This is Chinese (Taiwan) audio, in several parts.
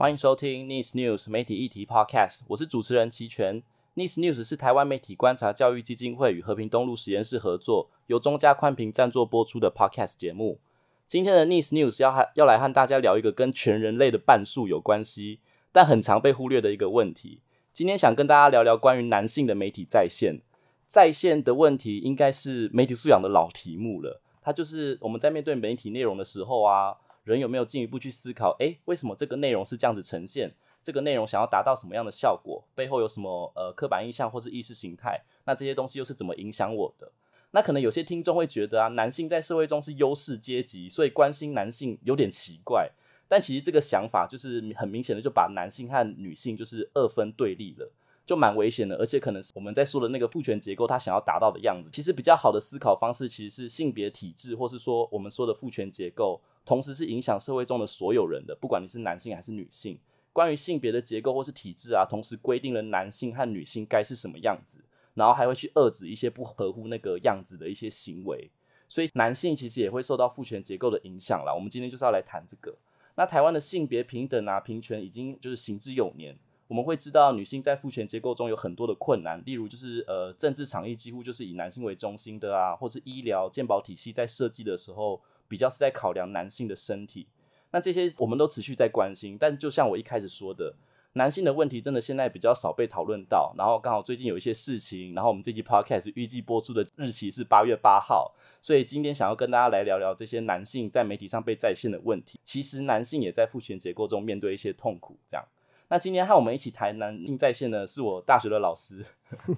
歡迎收聽逆食 NEWS 媒體議題 Podcast，我是主持人齊全。逆食 NEWS 是台灣媒體觀察教育基金會與和平東路實驗室合作，由中加寬頻贊助播出的 Podcast 節目。今天的逆食 NEWS 要和要來和大家聊一個跟全人類的半數有關係，但很常被忽略的一個問題。今天想跟大家聊聊關於男性的媒體再現，再現的問題，應該是媒體素養的老題目了。它就是我們在面對媒體內容的時候啊。人有沒有進一步去思考？誒、欸，為什麼這個內容是這樣子呈現？這個內容想要達到什麼樣的效果？背後有什麼呃刻板印象或是意識形態？那這些東西又是怎麼影響我的？那可能有些聽眾會覺得啊，男性在社會中是優勢階級，所以關心男性有點奇怪。但其實這個想法就是很明顯的，就把男性和女性就是二分對立了，就蠻危險的。而且可能是我們在說的那個父權結構，他想要達到的樣子，其實比較好的思考方式其實是性別體制，或是說我們說的父權結構。同時是影響社會中的所有人的，不管你是男性還是女性，關於性別的結構或是體制啊，同時規定了男性和女性該是什麼樣子，然後還會去遏制一些不合乎那個樣子的一些行為。所以男性其實也會受到父權結構的影響啦。我們今天就是要來談這個。那台灣的性別平等啊、平權已經就是行之有年。我們會知道女性在父權結構中有很多的困難，例如就是呃，政治場域幾乎就是以男性為中心的啊，或是醫療健保體系在設計的時候比較是在考量男性的身體，那這些我們都持續在關心。但就像我一開始說的，男性的問題真的現在比較少被討論到。然後剛好最近有一些事情，然後我們這期 podcast 預計播出的日期是八月八號，所以今天想要跟大家來聊聊這些男性在媒體上被再現的問題。其實男性也在父權結構中面對一些痛苦。這樣，那今天和我們一起談男性再現的是我大學的老師，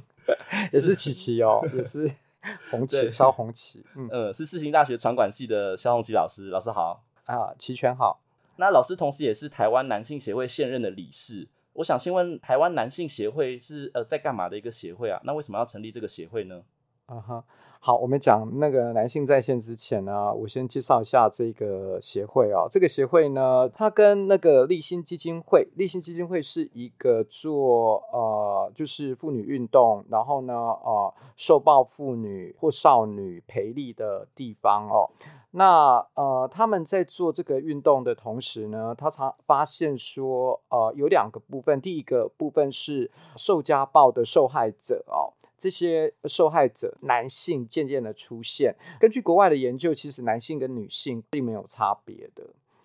也是琪琪哦， 也是。宏祺，蕭對宏祺，嗯,嗯是世新大學傳管系的蕭宏祺老師，老師好啊，齊全好。那老師同時也是台灣男性協會現任的理事。我想先問台灣男性協會是呃在幹嘛的一個協會啊？那為什麼要成立這個協會呢？啊哈、uh。Huh. 好，我們講那個男性再現之前呢，我先介紹一下這個協會哦，這個協會呢，它跟那個勵馨基金會，勵馨基金會是一個做呃，就是婦女運動，然後呢，呃，受暴婦女或少女培力的地方哦。那呃，他們在做這個運動的同時呢，他常發現說，呃，有兩個部分，第一個部分是受家暴的受害者哦。這些受害者男性漸漸的出現。根據國外的研究，其實男性跟女性並沒有差別的。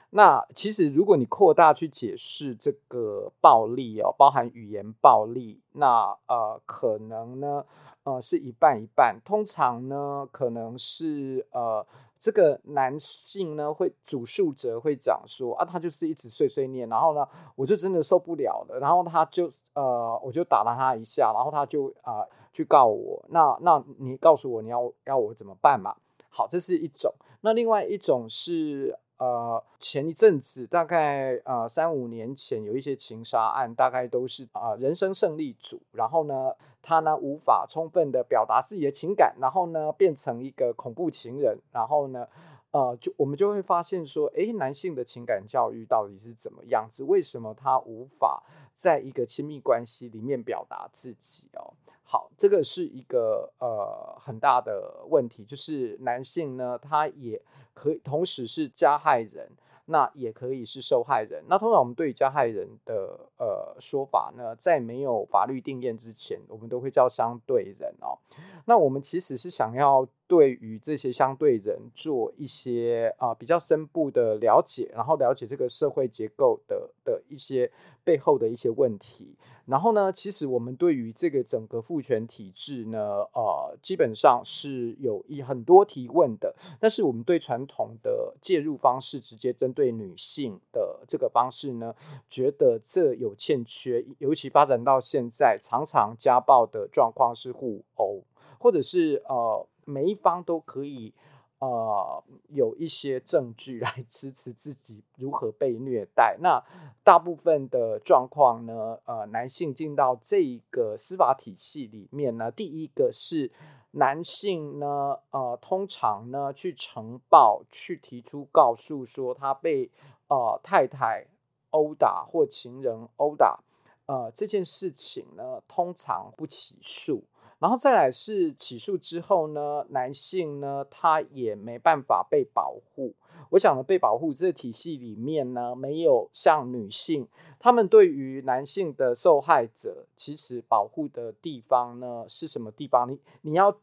那其實如果你擴大去解釋這個暴力哦，包含語言暴力，那呃可能呢呃是一半一半。通常呢可能是呃。這個男性呢，會主述者會講說啊，他就是一直碎碎念，然後呢，我就真的受不了了，然後他就呃，我就打了他一下，然後他就啊、呃、去告我，那那你告訴我你要我要我怎麼辦嘛？好，這是一種，那另外一種是，呃，前一陣子大概呃三五年前有一些情殺案，大概都是啊、呃、人生勝利組，然後呢，他呢無法充分地表達自己的情感，然後呢變成一個恐怖情人，然後呢，呃，就我們就會發現說，哎，男性的情感教育到底是怎麼樣子？為什麼他無法在一個親密關係裡面表達自己？哦，好，這個是一個呃很大的問題，就是男性呢，他也。可同時是加害人，那也可以是受害人。那通常我們對於加害人的呃說法呢，在沒有法律定讞之前，我們都會叫相對人哦。那我們其實是想要。對於這些相對人做一些啊比較深度的了解，然後了解這個社會結構的的一些背後的一些問題。然後呢，其實我們對於這個整個父權體制呢，呃，基本上是有一很多提問的。但是我們對傳統的介入方式，直接針對女性的這個方式呢，覺得這有欠缺。尤其發展到現在，常常家暴的狀況是互毆，或者是呃。每一方都可以，呃，有一些證據來支持自己如何被虐待。那大部分的狀況呢，呃，男性進到這一個司法體系裡面呢，第一個是男性呢，呃，通常呢去呈報、去提出告訴，說他被呃太太毆打或情人毆打，呃，這件事情呢，通常不起訴。然後再來是起訴之後呢，男性呢他也沒辦法被保護。我想呢，被保護這個體系裡面呢，沒有像女性，他們對於男性的受害者，其實保護的地方呢是什麼地方？你你要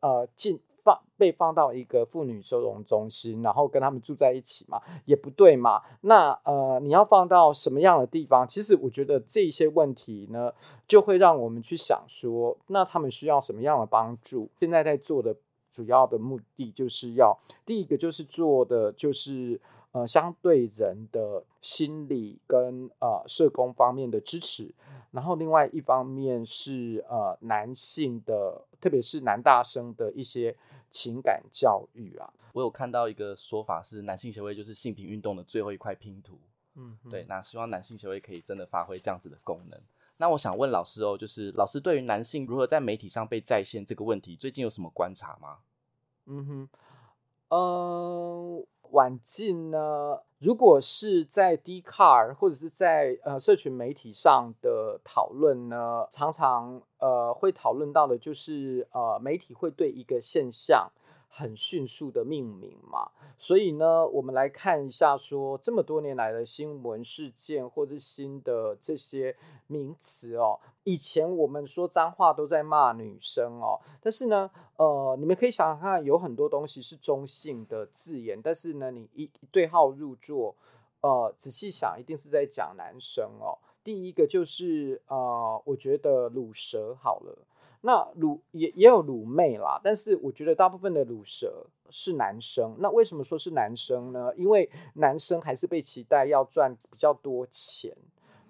呃進。放被放到一個婦女收容中心，然後跟他們住在一起嘛，也不對嘛。那呃，你要放到什麼樣的地方？其實我覺得這些問題呢，就會讓我們去想說，那他們需要什麼樣的幫助？現在在做的主要的目的就是要，第一個就是做的就是呃，相對人的心理跟呃社工方面的支持，然後另外一方面是呃男性的，特別是男大生的一些。情感教育啊，我有看到一個說法是，男性協會就是性平運動的最後一塊拼圖。嗯哼，對，那希望男性協會可以真的發揮這樣子的功能。那我想問老師哦，就是老師對於男性如何在媒體上被再現這個問題，最近有什麼觀察嗎？嗯哼，嗯、uh。晚近呢，如果是在 Dcard 或者是在呃社群媒體上的討論呢，常常呃會討論到的就是呃媒體會對一個現象，很迅速的命名嘛，所以呢，我們來看一下，說這麼多年來的新聞事件或者新的這些名詞哦，以前我們說髒話都在罵女生哦，但是呢，呃，你們可以想想看，有很多東西是中性的字眼，但是呢，你一對號入座，呃，仔細想，一定是在講男生哦。第一個就是呃，我覺得“魯蛇”好了。那魯也也有魯妹啦，但是我覺得大部分的魯蛇是男生。那為什麼說是男生呢？因為男生還是被期待要賺比較多錢，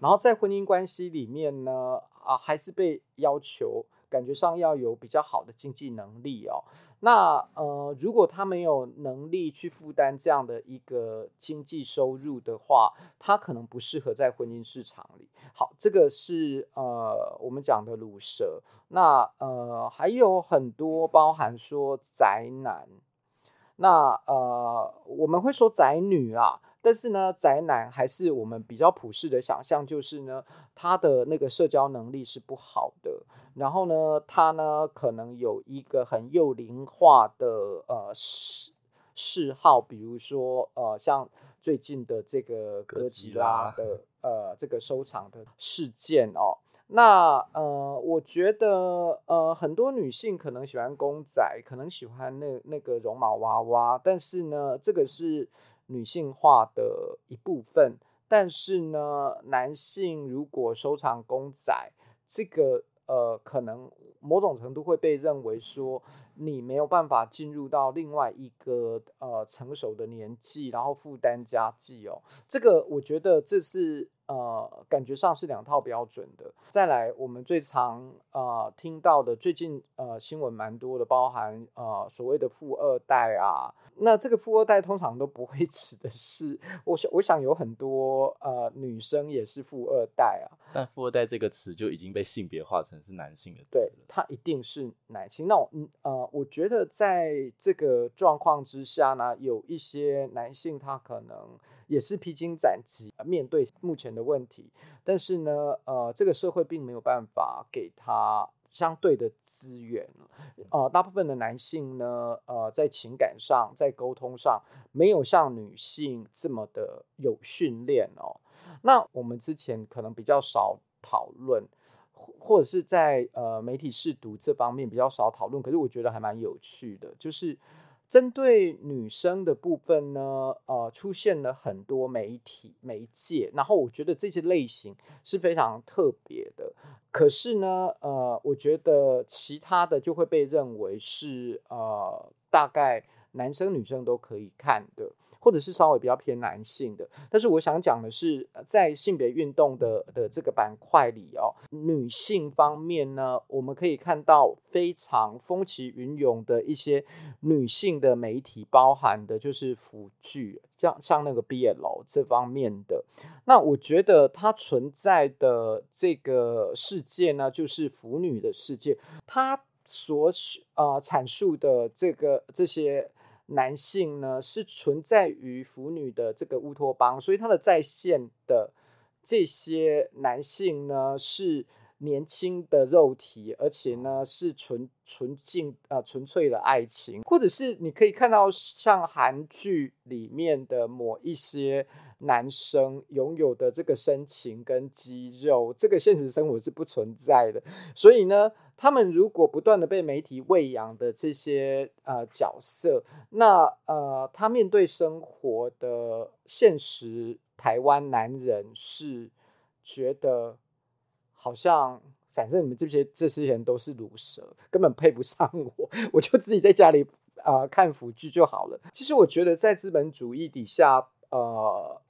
然後在婚姻關係裡面呢，啊，還是被要求感覺上要有比較好的經濟能力哦。那呃，如果他沒有能力去負擔這樣的一個經濟收入的話，他可能不適合在婚姻市場裡。好，這個是呃我們講的“魯蛇”那。那呃，還有很多包含說宅男，那呃，我們會說宅女啊。但是呢，宅男還是我們比較普世的想象，就是呢，他的那個社交能力是不好的。然後呢，他呢可能有一個很幼齡化的呃嗜嗜好，比如說呃像最近的這個哥吉拉的呃這個收藏的事件哦。那呃，我覺得呃很多女性可能喜歡公仔，可能喜歡那那個絨毛娃娃，但是呢，這個是。女性化的一部分，但是呢，男性如果收藏公仔，這個呃，可能某種程度會被認為說你沒有辦法進入到另外一個呃成熟的年紀，然後負擔家計哦。這個我覺得這是呃，感覺上是兩套標準的。再來，我們最常呃聽到的，最近呃新聞蠻多的，包含呃所謂的富二代啊。那這個富二代通常都不會指的是，我想，我想有很多呃女生也是富二代啊。但富二代這個詞就已經被性別化成是男性的詞了。對，他一定是男性。那嗯呃，我覺得在這個狀況之下呢，有一些男性他可能也是披荊斬棘面對目前的問題，但是呢呃，這個社會並沒有辦法給他。相對的資源，呃，大部分的男性呢，呃，在情感上、在溝通上，沒有像女性這麼的有訓練哦。那我們之前可能比較少討論，或者是在呃媒體識讀這方面比較少討論，可是我覺得還蠻有趣的，就是。針對女生的部分呢，呃，出現了很多媒體媒介，然後我覺得這些類型是非常特別的。可是呢，呃，我覺得其他的就會被認為是，呃，大概男生女生都可以看的。或者是稍微比較偏男性的，但是我想講的是，在性別運動的的這個板塊裡哦，女性方面呢，我們可以看到非常風起雲湧的一些女性的媒體，包含的就是腐劇，像像那個 BL 這方面的。那我覺得它存在的這個世界呢，就是腐女的世界，它所呃闡述的這個這些。男性呢是存在於腐女的這個烏托邦，所以他的再現的這些男性呢是年輕的肉體，而且呢是純純淨啊純粹的愛情，或者是你可以看到像韓劇裡面的某一些男生擁有的這個深情跟肌肉，這個現實生活是不存在的，所以呢。他們如果不斷的被媒體餵養的這些呃角色，那呃，他面對生活的現實，台灣男人是覺得好像反正你們這些這些人都是魯蛇，根本配不上我，我就自己在家裡啊、呃、看腐劇就好了。其實我覺得在資本主義底下，呃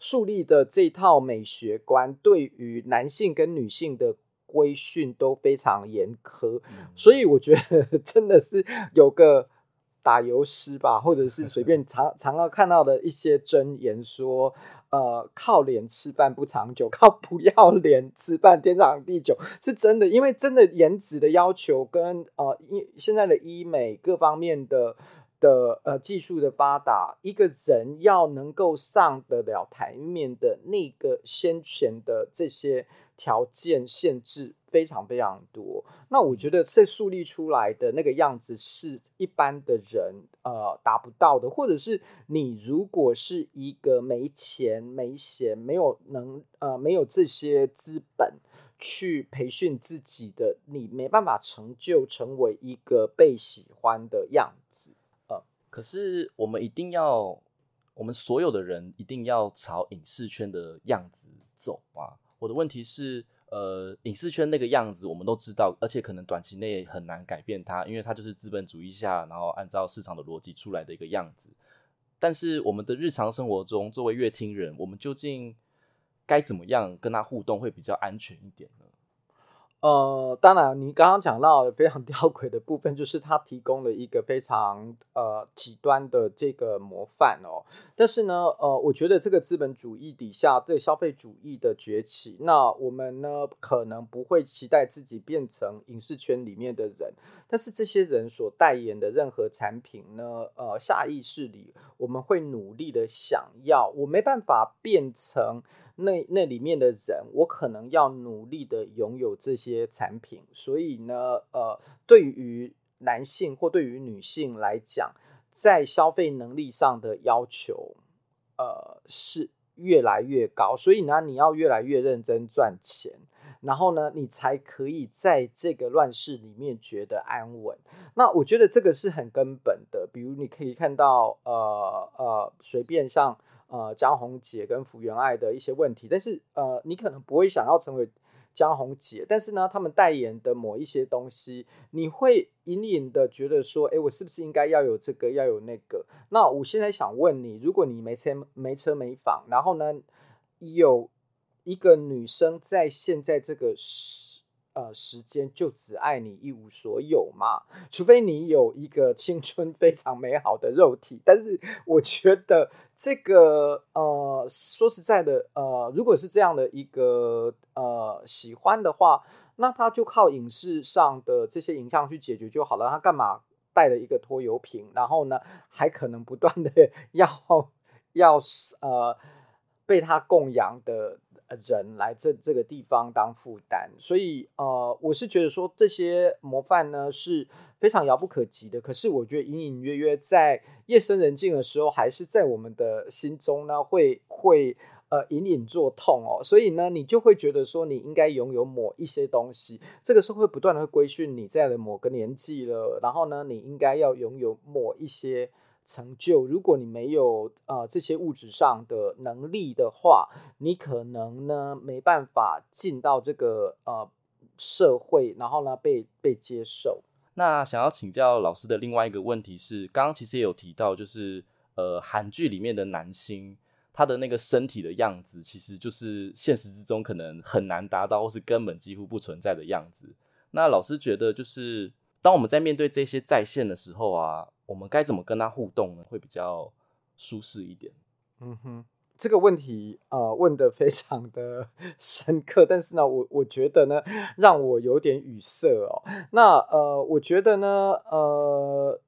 樹立的這套美學觀，對於男性跟女性的。規訓都非常嚴苛，嗯、所以我覺得真的是有個打油詩吧，或者是隨便常常要看到的一些箴言說，說呃靠臉吃飯不長久，靠不要臉吃飯天長地久是真的，因為真的顏值的要求跟呃醫現在的醫美各方面的的呃技術的發達，嗯、一個人要能夠上得了檯面的那個先前的這些。條件限制非常非常多，那我覺得這樹立出來的那個樣子是一般的人呃達不到的，或者是你如果是一個沒錢沒閒沒有能呃沒有這些資本去培訓自己的，你沒辦法成就成為一個被喜歡的樣子。呃、嗯，可是我們一定要，我們所有的人一定要朝影視圈的樣子走嗎？我的問題是，呃，影視圈那個樣子我們都知道，而且可能短期內很難改變它，因為它就是資本主義下，然後按照市場的邏輯出來的一個樣子。但是，我們的日常生活中，作為閱聽人，我們究竟該怎麼樣跟它互動會比較安全一點呢？呃，當然，你剛剛講到非常吊詭的部分，就是它提供了一個非常呃極端的這個模範哦。但是呢，呃，我覺得這個資本主義底下對消費主義的崛起，那我們呢可能不會期待自己變成影視圈裡面的人，但是這些人所代言的任何產品呢，呃，下意識裡我們會努力的想要，我沒辦法變成。那那裡面的人，我可能要努力的擁有這些產品，所以呢，呃，對於男性或對於女性來講，在消費能力上的要求，呃，是越來越高，所以呢，你要越來越認真賺錢，然後呢，你才可以在這個亂世裡面覺得安穩。那我覺得這個是很根本的，比如你可以看到，呃呃，隨便像。呃，江宏傑跟福原愛的一些問題，但是呃，你可能不會想要成為江宏傑，但是呢，他們代言的某一些東西，你會隱隱的覺得說，哎、欸，我是不是應該要有這個，要有那個？那我現在想問你，如果你沒車、沒車、沒房，然後呢，有一個女生在現在這個時。呃，時間就只愛你一無所有嘛，除非你有一個青春非常美好的肉體。但是我覺得這個呃，說實在的，呃，如果是這樣的一個呃喜歡的話，那他就靠影視上的這些影像去解決就好了。他幹嘛帶了一個拖油瓶，然後呢，還可能不斷的要要呃被他供養的。人來這這個地方當負擔，所以呃，我是覺得說這些模範呢是非常遙不可及的。可是我覺得隱隱約約在夜深人靜的時候，還是在我們的心中呢，會會呃隱隱作痛哦、喔。所以呢，你就會覺得說你應該擁有某一些東西。這個社會不斷的會規訓你在了某個年紀了，然後呢，你應該要擁有某一些。成就，如果你沒有呃這些物質上的能力的話，你可能呢沒辦法進到這個呃社會，然後呢被被接受。那想要請教老師的另外一個問題是，剛剛其實也有提到，就是呃韓劇裡面的男星他的那個身體的樣子，其實就是現實之中可能很難達到或是根本幾乎不存在的樣子。那老師覺得就是。當我們在面對這些再現的時候啊，我們該怎麼跟他互動呢？會比較舒適一點。嗯哼，這個問題啊，呃，問得非常的深刻，但是呢，我我覺得呢，讓我有點語塞哦。那呃，我覺得呢，呃，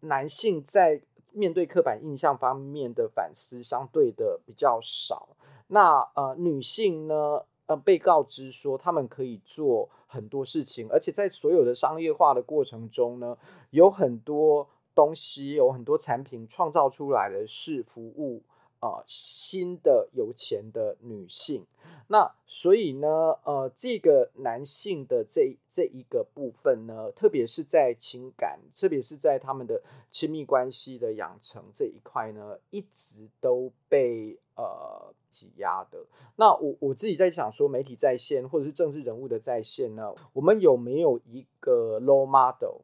男性在面對刻板印象方面的反思相對的比較少，那呃，女性呢？那、呃、被告知說，他們可以做很多事情，而且在所有的商業化的過程中呢，有很多東西，有很多產品創造出來的是服務。啊，新的有錢的女性，那所以呢，呃，這個男性的這這一個部分呢，特別是在情感，特別是在他們的親密關係的養成這一塊呢，一直都被呃擠壓的。那我我自己在想說，媒體再現或者是政治人物的再現呢，我們有沒有一個 role model？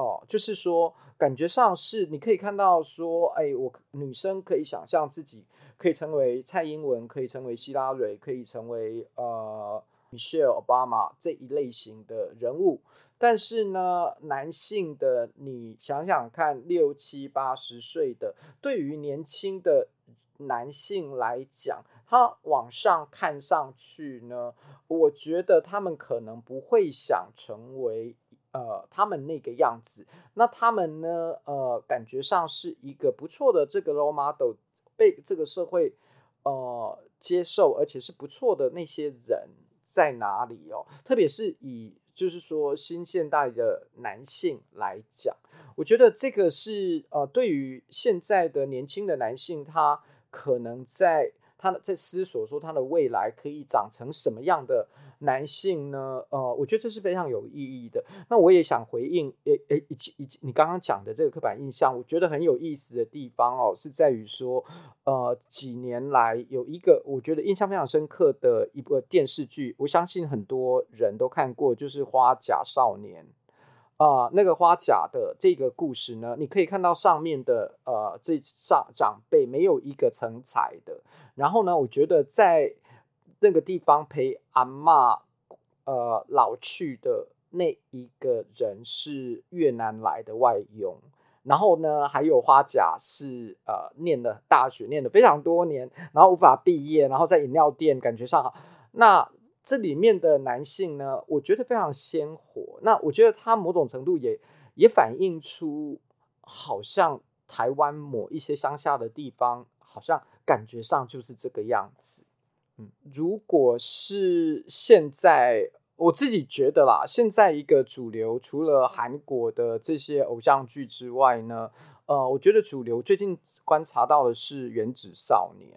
哦，就是說，感覺上是你可以看到說，哎，我女生可以想象自己可以成為蔡英文，可以成為希拉蕊，可以成為呃 Michelle Obama 這一類型的人物。但是呢，男性的你想想看，六七八十歲的，對於年輕的男性來講，他往上看上去呢，我覺得他們可能不會想成為。呃，他們那個樣子，那他們呢？呃，感覺上是一個不錯的這個 role model，被這個社會呃接受，而且是不錯的那些人在哪裡哦？特別是以就是說新現代的男性來講，我覺得這個是呃，對於現在的年輕的男性，他可能在。他在思索說他的未來可以長成什麼樣的男性呢？呃，我覺得這是非常有意義的。那我也想回應，誒誒，以以你剛剛講的這個刻板印象，我覺得很有意思的地方哦，是在於說，呃，幾年來有一個我覺得印象非常深刻的一部電視劇，我相信很多人都看過，就是《花甲少年》。啊、呃，那個花甲的這個故事呢，你可以看到上面的呃，這上長輩沒有一個成才的。然後呢，我覺得在那個地方陪阿嬤呃老去的那一個人是越南來的外傭。然後呢，還有花甲是呃唸了大學，唸了非常多年，然後無法畢業，然後在飲料店感覺上那。這裡面的男性呢，我覺得非常鮮活。那我覺得他某種程度也也反映出，好像台灣某一些鄉下的地方，好像感覺上就是這個樣子。嗯，如果是現在，我自己覺得啦，現在一個主流，除了韓國的這些偶像劇之外呢，呃，我覺得主流最近觀察到的是《原子少年》。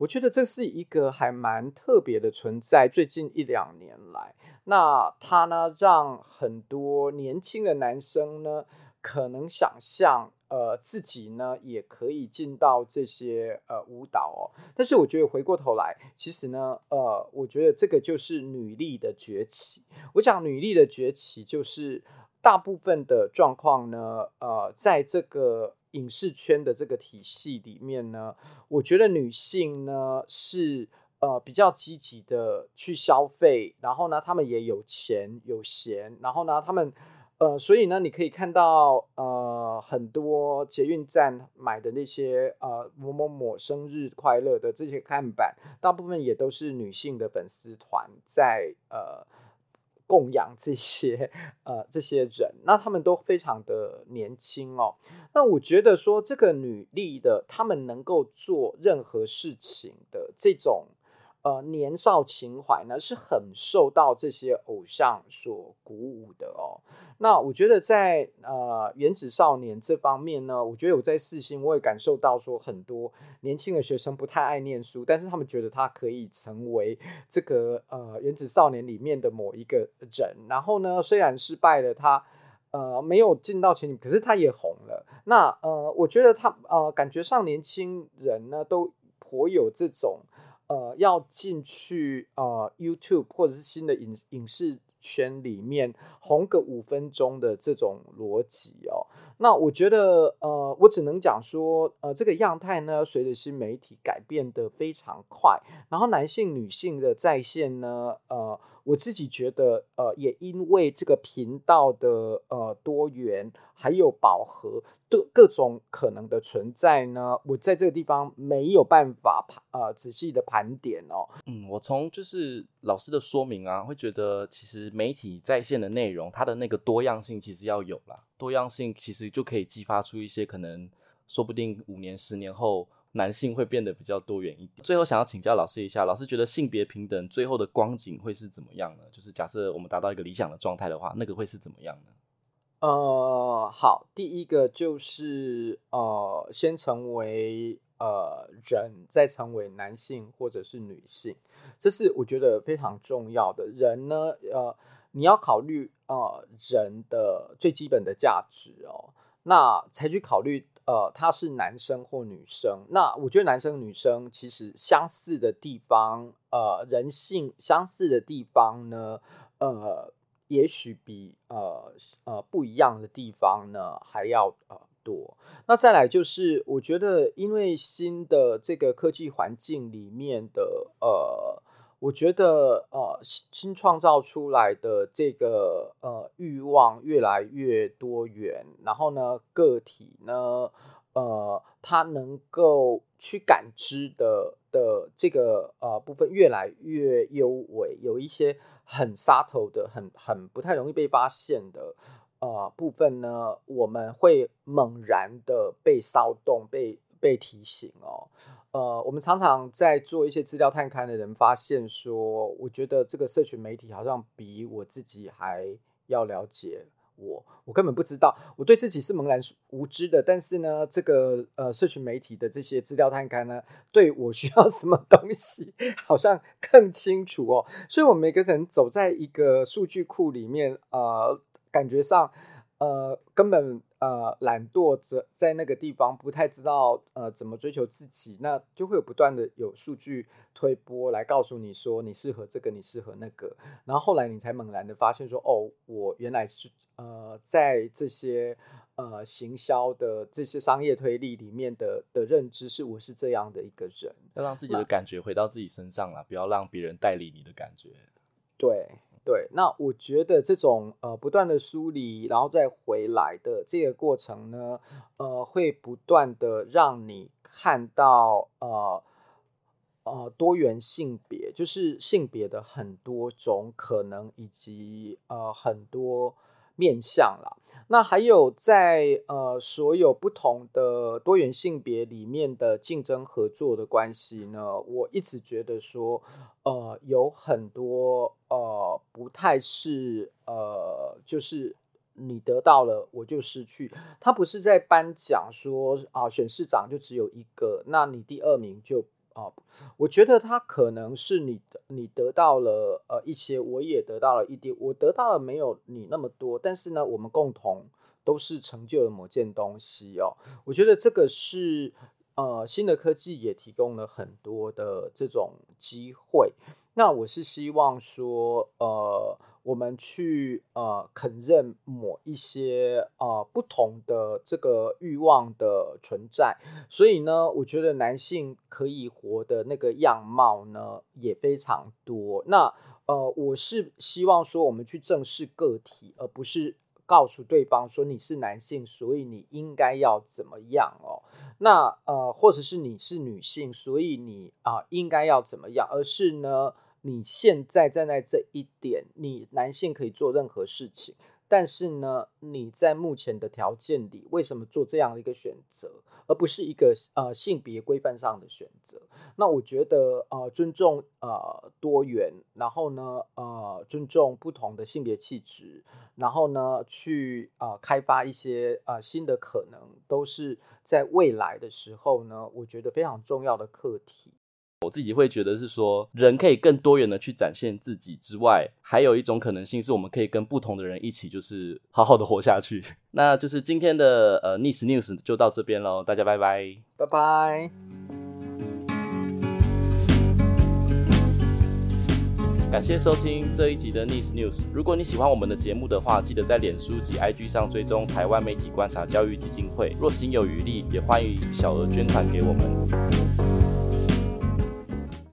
我覺得這是一個還蠻特別的存在。最近一兩年來，那他呢，讓很多年輕的男生呢，可能想象，呃，自己呢也可以進到這些呃舞蹈哦。但是我覺得回過頭來，其實呢，呃，我覺得這個就是女力的崛起。我講女力的崛起，就是大部分的狀況呢，呃，在這個。影視圈的這個體系裡面呢，我覺得女性呢是呃比較積極的去消費，然後呢，她們也有錢有閒，然後呢，她們呃，所以呢，你可以看到呃很多捷運站買的那些呃某某某生日快樂的這些看板，大部分也都是女性的粉絲團在呃。供養這些呃這些人，那他們都非常的年輕哦。那我覺得說，這個女力的，他們能夠做任何事情的這種。呃，年少情懷呢，是很受到這些偶像所鼓舞的哦。那我覺得在，在呃原子少年這方面呢，我覺得我在世新我也感受到，說很多年輕的學生不太愛念書，但是他們覺得他可以成為這個呃原子少年裡面的某一個人。然後呢，雖然失敗了他，他呃沒有進到前幾，可是他也紅了。那呃，我覺得他呃，感覺上年輕人呢，都頗有這種。呃，要進去呃 YouTube 或者是新的影影視圈裡面紅個五分鐘的這種邏輯哦。那我覺得，呃，我只能講說，呃，這個樣態呢，隨着新媒體改變得非常快，然後男性女性的再現呢，呃。我自己覺得，呃，也因為這個頻道的呃多元，還有飽和的各種可能的存在呢，我在這個地方沒有辦法盤呃仔細的盤點哦。嗯，我從就是老師的說明啊，會覺得其實媒體再現的內容，它的那個多樣性其實要有啦。多樣性其實就可以激發出一些可能，說不定五年、十年後。男性會變得比較多元一點。最後，想要請教老師一下，老師覺得性別平等最後的光景會是怎麼樣呢？就是假設我們達到一個理想的狀態的話，那個會是怎麼樣呢？呃，好，第一個就是呃，先成為呃人，再成為男性或者是女性，這是我覺得非常重要的。人呢，呃，你要考慮呃人的最基本的價值哦。那才去考慮。呃，他是男生或女生？那我覺得男生女生其實相似的地方，呃，人性相似的地方呢，呃，也許比，呃，呃，不一樣的地方呢，還要，呃，多。那再來就是，我覺得因為新的這個科技環境裡面的，呃。我覺得，呃，新創造出來的這個呃慾望越來越多元，然後呢，個體呢，呃，它能夠去感知的的這個呃部分越來越幽微，有一些很 subtle 的、很很不太容易被發現的呃部分呢，我們會猛然的被騷動被。被提醒哦，呃，我們常常在做一些資料探勘的人發現說，我覺得這個社群媒體好像比我自己還要了解我，我根本不知道，我對自己是茫然無知的。但是呢，這個呃，社群媒體的這些資料探勘呢，對我需要什麼東西好像更清楚哦。所以，我們每個人走在一個數據庫裡面，呃，感覺上。呃，根本呃懶惰者在那個地方不太知道呃怎麼追求自己，那就會有不斷的有數據推播來告訴你說，你適合這個，你適合那個，然後後來你才猛然的發現說哦，我原來是呃在這些呃行銷的這些商業推力裡面的的認知是我是這樣的一個人，要讓自己的感覺回到自己身上啦，那不要讓別人代理你的感覺，對。對，那我覺得這種呃不斷的梳理，然後再回來的這個過程呢，呃，會不斷的讓你看到呃呃多元性別，就是性別的很多種可能，以及呃很多。面向啦，那還有在呃所有不同的多元性別裡面的競爭合作的關係呢？我一直覺得說，呃，有很多呃不太是呃，就是你得到了我就失去，他不是在頒獎說啊、呃，選市長就只有一個，那你第二名就。啊、哦，我覺得他可能是你，你得到了呃一些，我也得到了一點，我得到了沒有你那麼多，但是呢，我們共同都是成就了某件東西哦。我覺得這個是。呃，新的科技也提供了很多的這種機會。那我是希望說，呃，我們去呃，承認某一些呃不同的這個慾望的存在。所以呢，我覺得男性可以活的那個樣貌呢也非常多。那呃，我是希望說，我們去正視個體，而、呃、不是。告訴對方說，你是男性，所以你應該要怎麼樣哦？那呃，或者是你是女性，所以你啊、呃、應該要怎麼樣？而是呢，你現在站在這一點，你男性可以做任何事情。但是呢，你在目前的條件裡，為什麼做這樣的一個選擇，而不是一個呃性別規範上的選擇？那我覺得呃尊重呃多元，然後呢呃尊重不同的性別氣質，然後呢去啊、呃、開發一些啊、呃、新的可能，都是在未來的時候呢，我覺得非常重要的課題。我自己會覺得是說人可以更多元的去展現自己之外，還有一種可能性是我們可以跟不同的人一起，就是好好的活下去。 那就是今天的呃逆食 NEWS 就到這邊嘍，大家拜拜拜拜！Bye bye 感謝收聽這一集的逆食 NEWS。如果你喜歡我們的節目的話，記得在臉書及 IG 上追蹤台灣媒體觀察教育基金會。若心有餘力，也歡迎小額捐款給我們。